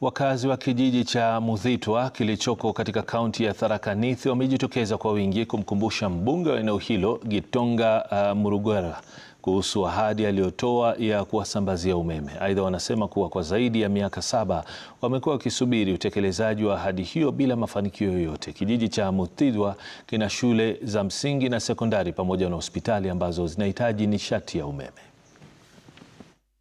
Wakazi wa kijiji cha Muthitwa kilichoko katika kaunti ya Tharaka Nithi wamejitokeza kwa wingi kumkumbusha mbunge wa eneo hilo Gitonga uh, Murugera kuhusu ahadi aliyotoa ya kuwasambazia umeme. Aidha, wanasema kuwa kwa zaidi ya miaka saba wamekuwa wakisubiri utekelezaji wa ahadi hiyo bila mafanikio yoyote. Kijiji cha Muthitwa kina shule za msingi na sekondari pamoja na hospitali ambazo zinahitaji nishati ya umeme.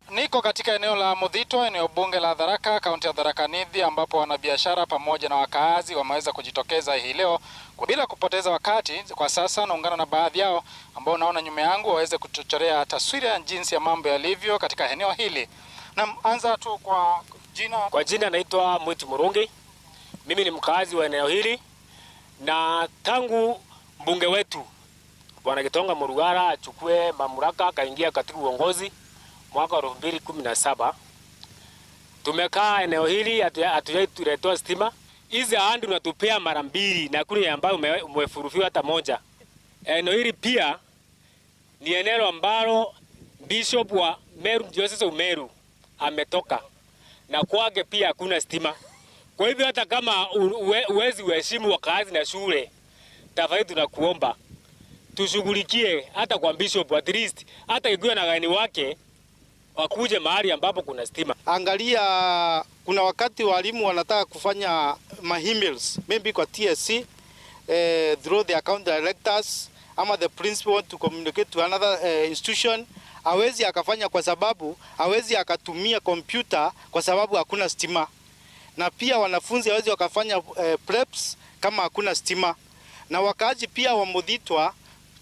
Niko katika eneo la Mudhito, eneo bunge la Tharaka, kaunti ya Tharaka Nithi, ambapo wanabiashara pamoja na wakaazi wameweza kujitokeza hii leo. Bila kupoteza wakati, kwa sasa naungana na baadhi yao ambao naona nyuma yangu waweze kutuchorea taswira ya jinsi ya mambo yalivyo katika eneo hili. Na anza tu kwa jina. Kwa jina naitwa Mwiti Murungi, mimi ni mkaazi wa eneo hili, na tangu mbunge wetu Bwana Gitonga Murugara achukue mamlaka akaingia katika uongozi mwaka elfu mbili kumi na saba tumekaa eneo hili, hatujai tuletewa stima. Hizi ahadi unatupea mara mbili na kuni ambayo umefurufiwa hata moja. Eneo hili pia ni eneo ambalo bishop wa Meru Diocese Umeru ametoka na kwake pia hakuna stima. Kwa hivyo hata kama uwezi uheshimu wakazi na shule, tafadhali tunakuomba tushughulikie hata kwa bishop at least, hata ikiwa na gani wake wakuje mahali ambapo kuna stima. Angalia, kuna wakati walimu wanataka kufanya ma emails maybe kwa TSC eh, through the account directors ama the principal want to communicate to another eh, institution hawezi akafanya kwa sababu hawezi akatumia kompyuta kwa sababu hakuna stima, na pia wanafunzi hawezi wakafanya eh, preps kama hakuna stima, na wakaaji pia wamudhitwa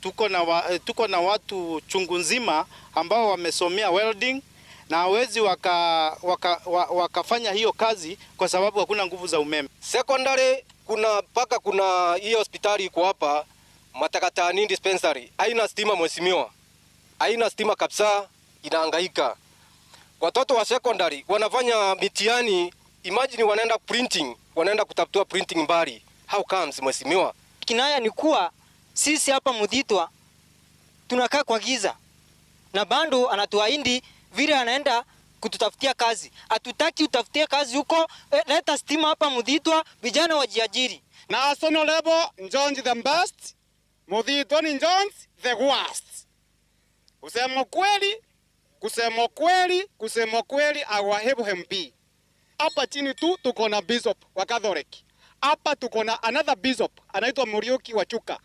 tuko na, wa, eh, tuko na watu chungu nzima ambao wamesomea welding na hawezi wakafanya waka, waka hiyo kazi kwa sababu hakuna nguvu za umeme. Secondary kuna mpaka kuna hiyo hospitali iko hapa Matakatanini dispensary haina stima, mheshimiwa, haina stima kabisa, inahangaika. Watoto wa secondary wanafanya mitihani, imagine wanaenda printing, wanaenda kutafutua printing mbali. How comes mheshimiwa? Kinaya ni kuwa sisi hapa Mudhitwa tunakaa kwa giza, na bando anatuahidi vile anaenda kututafutia kazi. Hatutaki utafutie kazi huko, eh, leta stima hapa Mudhitwa, vijana wajiajiri. na National level Njonji the best, Mudhitwa ni Njonji the worst. Kusema kweli, kusema kweli, kusema kweli, awahebu MP hapa chini tu tuko na bishop wa Catholic hapa tuko na another bishop anaitwa Muriuki wa Chuka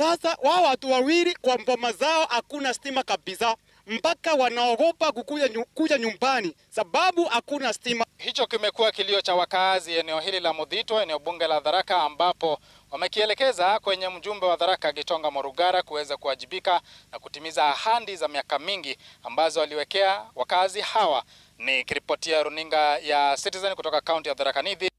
sasa wao watu wawili kwa mboma zao hakuna stima kabisa, mpaka wanaogopa kukuja nyumbani sababu hakuna stima. Hicho kimekuwa kilio cha wakaazi eneo hili la Mudhito, eneo bunge la Tharaka, ambapo wamekielekeza kwenye mjumbe wa Tharaka Gitonga Morugara kuweza kuwajibika na kutimiza ahadi za miaka mingi ambazo waliwekea wakaazi hawa. ni kiripotia runinga ya Citizen kutoka kaunti ya Tharaka Nithi.